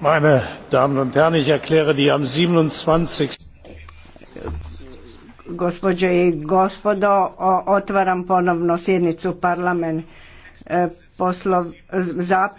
meine damen und herren ich erkläre die am. 27. gospođe i gospodo otvaram ponovno sjednicu parlamenta. E,